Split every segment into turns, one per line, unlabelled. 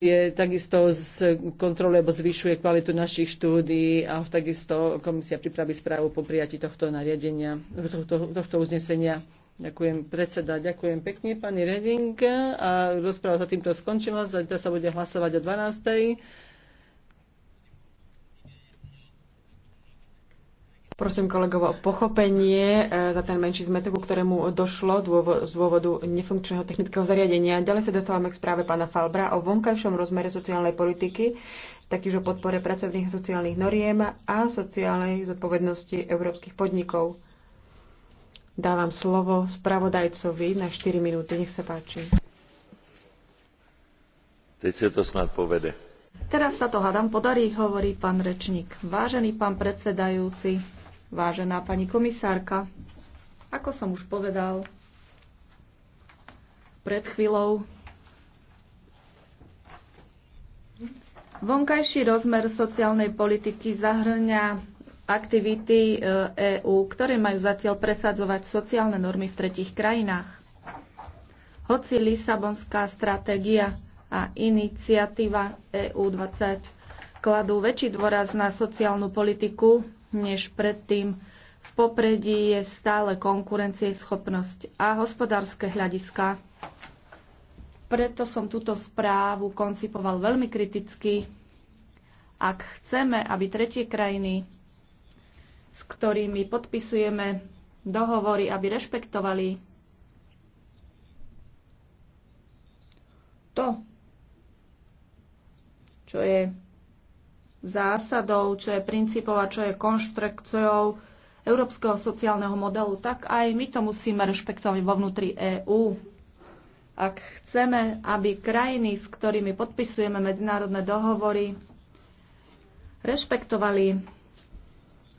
je takisto z kontroly, lebo zvyšuje kvalitu našich štúdií a takisto komisia pripraví správu po prijati tohto nariadenia, tohto, tohto uznesenia. Ďakujem
predseda, ďakujem pekne pani Reding a rozpráva sa týmto skončila, zatiaľ sa bude hlasovať o 12.
Prosím kolegov o pochopenie e, za ten menší zmetok, ktorému došlo z dôvodu nefunkčného technického zariadenia. Ďalej sa dostávame k správe pána Falbra o vonkajšom rozmere sociálnej politiky, taktiež o podpore pracovných a sociálnych noriem a sociálnej zodpovednosti európskych podnikov. Dávam slovo
spravodajcovi na 4 minúty. Nech sa páči.
Teď sa
to
snad povede. Teraz sa to, hádam, podarí, hovorí pán rečník. Vážený pán predsedajúci, Vážená pani komisárka, ako som už povedal pred chvíľou, vonkajší rozmer sociálnej politiky zahrňa aktivity EÚ, e ktoré majú za cieľ presadzovať sociálne normy v tretich krajinách. Hoci Lisabonská stratégia a iniciatíva EÚ 20 kladú väčší dôraz na sociálnu politiku, než predtým. V popredí je stále konkurencieschopnosť a hospodárske hľadiska. Preto som túto správu koncipoval veľmi kriticky. Ak chceme, aby tretie krajiny, s ktorými podpisujeme dohovory, aby rešpektovali to, čo je zásadou, čo je princípov a čo je konštrukciou európskeho sociálneho modelu, tak aj my to musíme rešpektovať vo vnútri EÚ. Ak chceme, aby krajiny, s ktorými podpisujeme medzinárodné dohovory, rešpektovali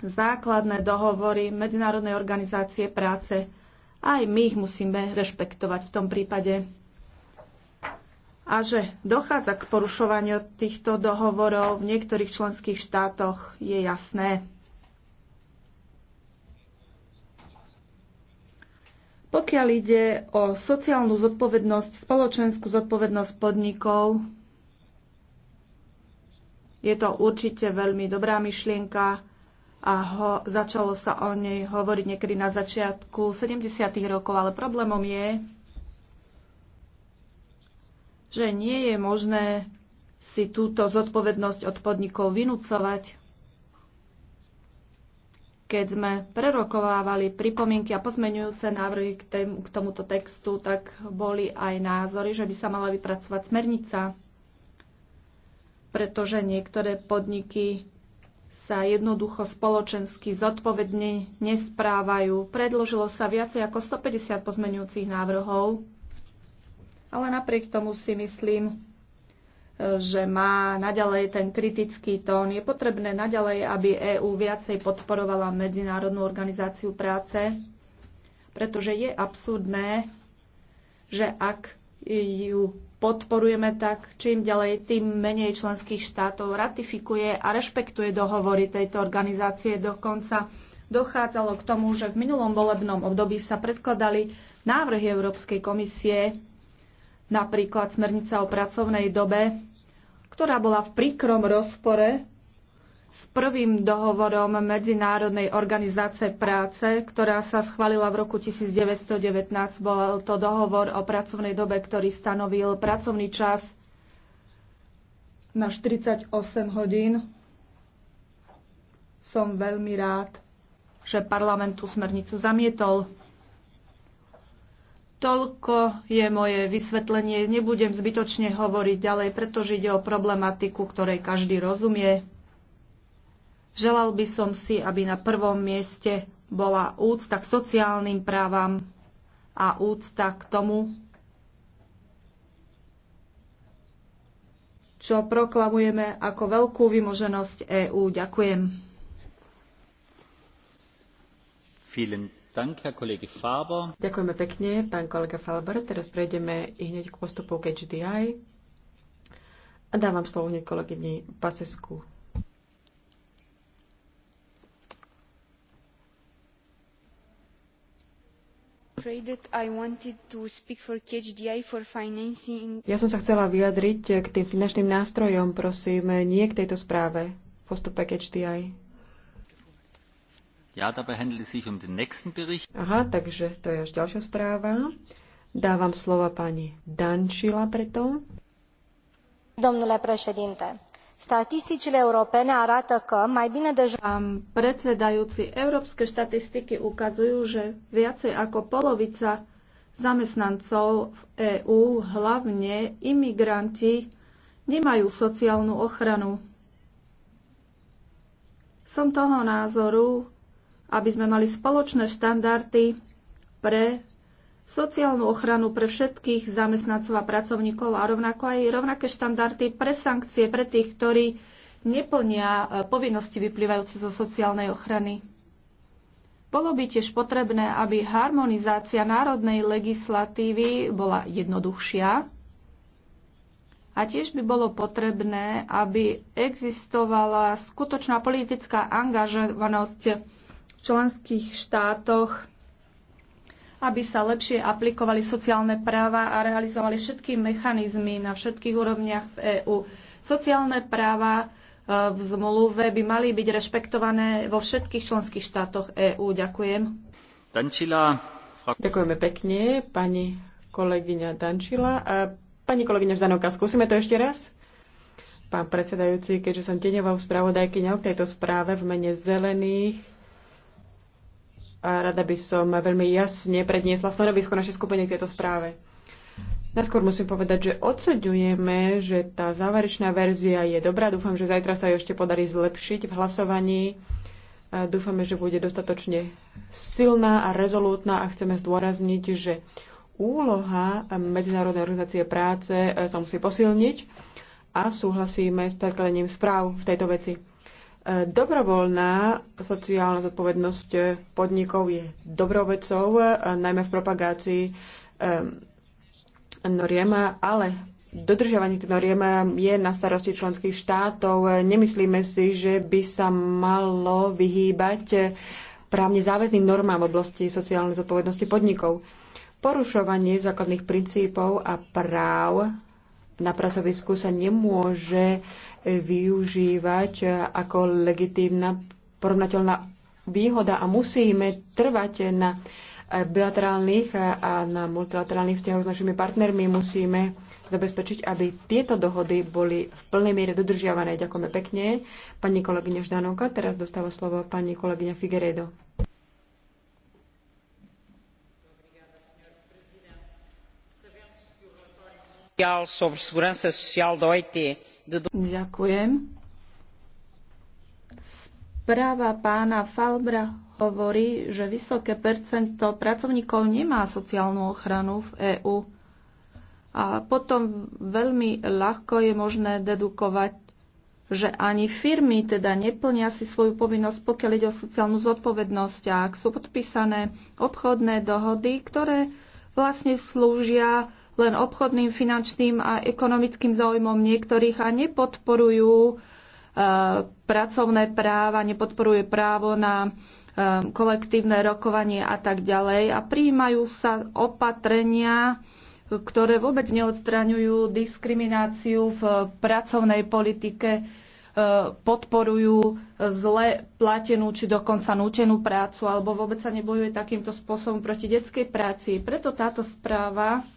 základné dohovory Medzinárodnej organizácie práce, aj my ich musíme rešpektovať v tom prípade a že dochádza k porušovaniu týchto dohovorov v niektorých členských štátoch, je jasné. Pokiaľ ide o sociálnu zodpovednosť, spoločenskú zodpovednosť podnikov, je to určite veľmi dobrá myšlienka a ho, začalo sa o nej hovoriť niekedy na začiatku 70. rokov, ale problémom je, že nie je možné si túto zodpovednosť od podnikov vynúcovať. Keď sme prerokovávali pripomienky a pozmenujúce návrhy k, tém, k tomuto textu, tak boli aj názory, že by sa mala vypracovať smernica, pretože niektoré podniky sa jednoducho spoločensky zodpovedne nesprávajú. Predložilo sa viacej ako 150 pozmenujúcich návrhov ale napriek tomu si myslím, e, že má naďalej ten kritický tón. Je potrebné naďalej, aby EÚ viacej podporovala Medzinárodnú organizáciu práce, pretože je absurdné, že ak ju podporujeme, tak čím ďalej, tým menej členských štátov ratifikuje a rešpektuje dohovory tejto organizácie. Dokonca dochádzalo k tomu, že v minulom volebnom období sa predkladali návrhy Európskej komisie Napríklad smernica o pracovnej dobe, ktorá bola v príkrom rozpore s prvým dohovorom Medzinárodnej organizácie práce, ktorá sa schválila v roku 1919. Bol to dohovor o pracovnej dobe, ktorý stanovil pracovný čas na 48 hodín. Som veľmi rád, že parlament tú smernicu zamietol. Toľko je moje vysvetlenie. Nebudem zbytočne hovoriť ďalej, pretože ide o problematiku, ktorej každý rozumie. Želal by som si, aby na prvom mieste bola úcta k sociálnym právam a úcta k tomu, čo proklamujeme ako veľkú vymoženosť EÚ. Ďakujem.
Vielen Dank,
Ďakujeme pekne,
pán kolega Faber. Teraz prejdeme i hneď k postupu KGDI. A dávam slovo hneď kolegyni Pasesku. Ja som sa chcela vyjadriť k tým finančným nástrojom, prosím, nie k tejto správe, postupe HDI.
Um
Aha, takže to je
až ďalšia správa.
Dávam slova pani Dančila preto.
Domnule președinte, statisticile europene arată că mai bine de Pán predsedajúci, európske štatistiky ukazujú, že viacej ako polovica zamestnancov v EÚ, hlavne imigranti, nemajú sociálnu ochranu. Som toho názoru, aby sme mali spoločné štandardy pre sociálnu ochranu pre všetkých zamestnancov a pracovníkov a rovnako aj rovnaké štandardy pre sankcie pre tých, ktorí neplnia e, povinnosti vyplývajúce zo sociálnej ochrany. Bolo by tiež potrebné, aby harmonizácia národnej legislatívy bola jednoduchšia a tiež by bolo potrebné, aby existovala skutočná politická angažovanosť členských štátoch, aby sa lepšie aplikovali sociálne práva a realizovali všetky mechanizmy na všetkých úrovniach v EÚ. Sociálne práva e, v zmluve by mali byť rešpektované vo všetkých členských štátoch EÚ. Ďakujem.
Dančila. Ďakujeme pekne, pani kolegyňa Dančila. A pani kolegyňa Ždanovka, skúsime to ešte raz? Pán predsedajúci, keďže som v spravodajkyňa k tejto správe v mene zelených, a rada by som veľmi jasne predniesla stanovisko našej skupiny k tejto správe. Naskôr musím povedať, že oceňujeme, že tá záverečná verzia je dobrá. Dúfam, že zajtra sa ju ešte podarí zlepšiť v hlasovaní. Dúfame, že bude dostatočne silná a rezolútna a chceme zdôrazniť, že úloha Medzinárodnej organizácie práce e, sa musí posilniť a súhlasíme s prekladením správ v tejto veci. Dobrovoľná sociálna zodpovednosť podnikov je dobrou vecou, e, najmä v propagácii e, noriem, ale dodržiavanie tých noriem je na starosti členských štátov. Nemyslíme si, že by sa malo vyhýbať e, právne záväzným normám v oblasti sociálnej zodpovednosti podnikov. Porušovanie základných princípov a práv na pracovisku sa nemôže využívať ako legitímna porovnateľná výhoda a musíme trvať na bilaterálnych a na multilaterálnych vzťahoch s našimi partnermi. Musíme zabezpečiť, aby tieto dohody boli v plnej miere dodržiavané. Ďakujeme pekne. Pani kolegyňa Ždanovka, teraz dostáva slovo pani kolegyňa Figueredo. Ďakujem.
Správa pána Falbra hovorí, že vysoké percento pracovníkov nemá sociálnu ochranu v EÚ. A potom veľmi ľahko je možné dedukovať, že ani firmy teda neplnia si svoju povinnosť, pokiaľ ide o sociálnu zodpovednosť. A ak sú podpísané obchodné dohody, ktoré vlastne slúžia len obchodným, finančným a ekonomickým záujmom niektorých a nepodporujú e, pracovné práva, nepodporuje právo na e, kolektívne rokovanie a tak ďalej. A prijímajú sa opatrenia, ktoré vôbec neodstraňujú diskrimináciu v pracovnej politike, e, podporujú zle platenú či dokonca nútenú prácu, alebo vôbec sa nebojuje takýmto spôsobom proti detskej práci. Preto táto správa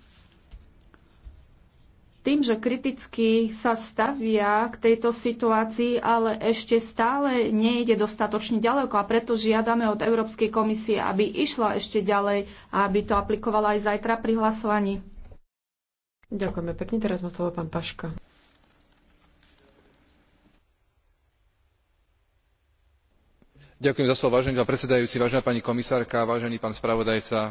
tým, že kriticky sa stavia k tejto situácii, ale ešte stále nejde dostatočne ďaleko a preto žiadame od Európskej komisie, aby išla ešte ďalej a aby to aplikovala aj zajtra pri hlasovaní.
Ďakujeme pekne. Teraz má slovo pán Paška.
Ďakujem za slovo, vážený pán predsedajúci, vážená pani komisárka, vážený pán spravodajca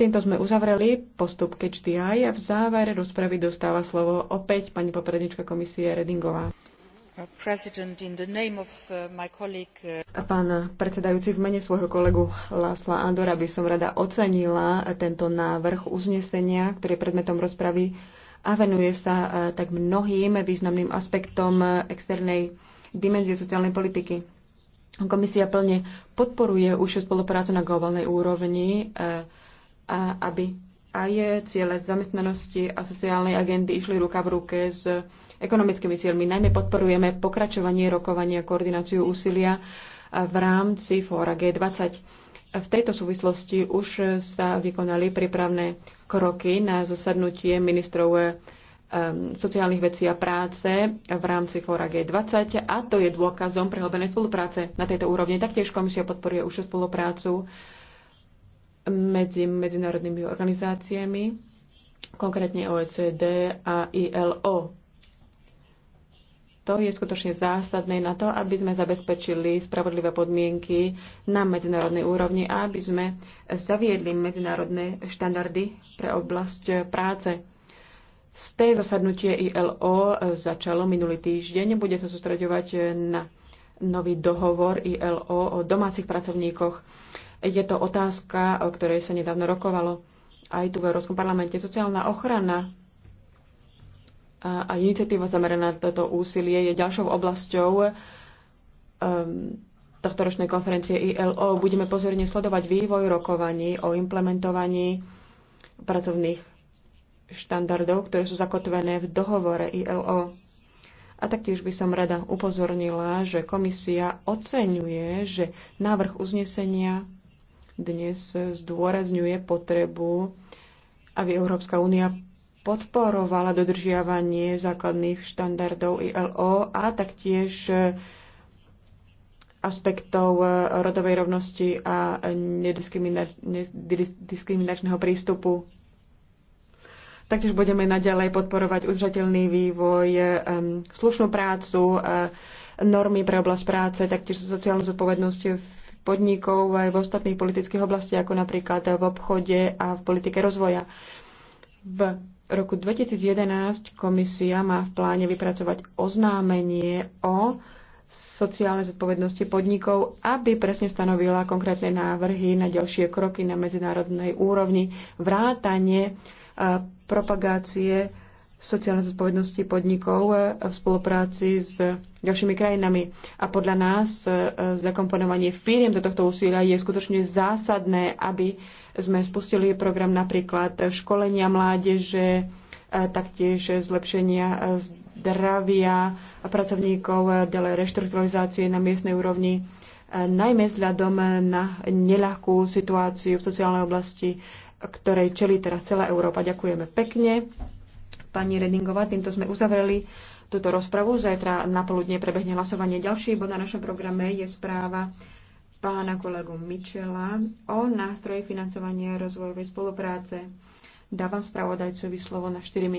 Týmto sme uzavreli postup KHDI a v závere rozpravy dostáva slovo opäť pani poprednička komisie Redingová.
Uh, uh, uh,
pán predsedajúci, v mene svojho kolegu Lásla Andora by som rada ocenila tento návrh uznesenia, ktorý je predmetom rozpravy a venuje sa tak mnohým významným aspektom externej dimenzie sociálnej politiky. Komisia plne podporuje užšiu spoluprácu na globálnej úrovni a aby aj ciele zamestnanosti a sociálnej agendy išli ruka v ruke s ekonomickými cieľmi. Najmä podporujeme pokračovanie rokovania a koordináciu úsilia v rámci fóra G20. V tejto súvislosti už sa vykonali prípravné kroky na zasadnutie ministrov eh, sociálnych vecí a práce v rámci fóra G20 a to je dôkazom prehlbenej spolupráce na tejto úrovni. Taktiež komisia podporuje už spoluprácu medzi medzinárodnými organizáciami, konkrétne OECD a ILO. To je skutočne zásadné na to, aby sme zabezpečili spravodlivé podmienky na medzinárodnej úrovni a aby sme zaviedli medzinárodné štandardy pre oblasť práce. Z tej zasadnutie ILO začalo minulý týždeň. Bude sa sústreďovať na nový dohovor ILO o domácich pracovníkoch. Je to otázka, o ktorej sa nedávno rokovalo aj tu v Európskom parlamente. Sociálna ochrana a, iniciatíva zameraná na toto úsilie je ďalšou oblasťou um, tohto ročnej konferencie ILO. Budeme pozorne sledovať vývoj rokovaní o implementovaní pracovných štandardov, ktoré sú zakotvené v dohovore ILO. A taktiež by som rada upozornila, že komisia oceňuje, že návrh uznesenia dnes zdôrazňuje potrebu, aby Európska únia podporovala dodržiavanie základných štandardov ILO a taktiež e, aspektov e, rodovej rovnosti a nediskriminačného prístupu. Taktiež budeme naďalej podporovať uzrateľný vývoj, e, slušnú prácu, normy pre oblasť práce, taktiež sociálnu zodpovednosť podnikov aj v ostatných politických oblastiach, ako napríklad v obchode a v politike rozvoja. V roku 2011 komisia má v pláne vypracovať oznámenie o sociálnej zodpovednosti podnikov, aby presne stanovila konkrétne návrhy na ďalšie kroky na medzinárodnej úrovni, vrátanie eh, propagácie sociálnej zodpovednosti podnikov e, v spolupráci s ďalšími krajinami. A podľa nás e, zakomponovanie firiem do tohto úsilia je skutočne zásadné, aby sme spustili program napríklad školenia mládeže, e, taktiež zlepšenia zdravia pracovníkov, ďalej reštrukturalizácie na miestnej úrovni, najmä vzhľadom na neľahkú situáciu v sociálnej oblasti, ktorej čelí teraz celá Európa. Ďakujeme pekne pani Redingová. Týmto sme uzavreli túto rozpravu. Zajtra na poludne prebehne hlasovanie. Ďalší bod na našom programe je správa pána kolegu Mičela o nástroji financovania rozvojovej spolupráce. Dávam spravodajcovi slovo na 4 minúty.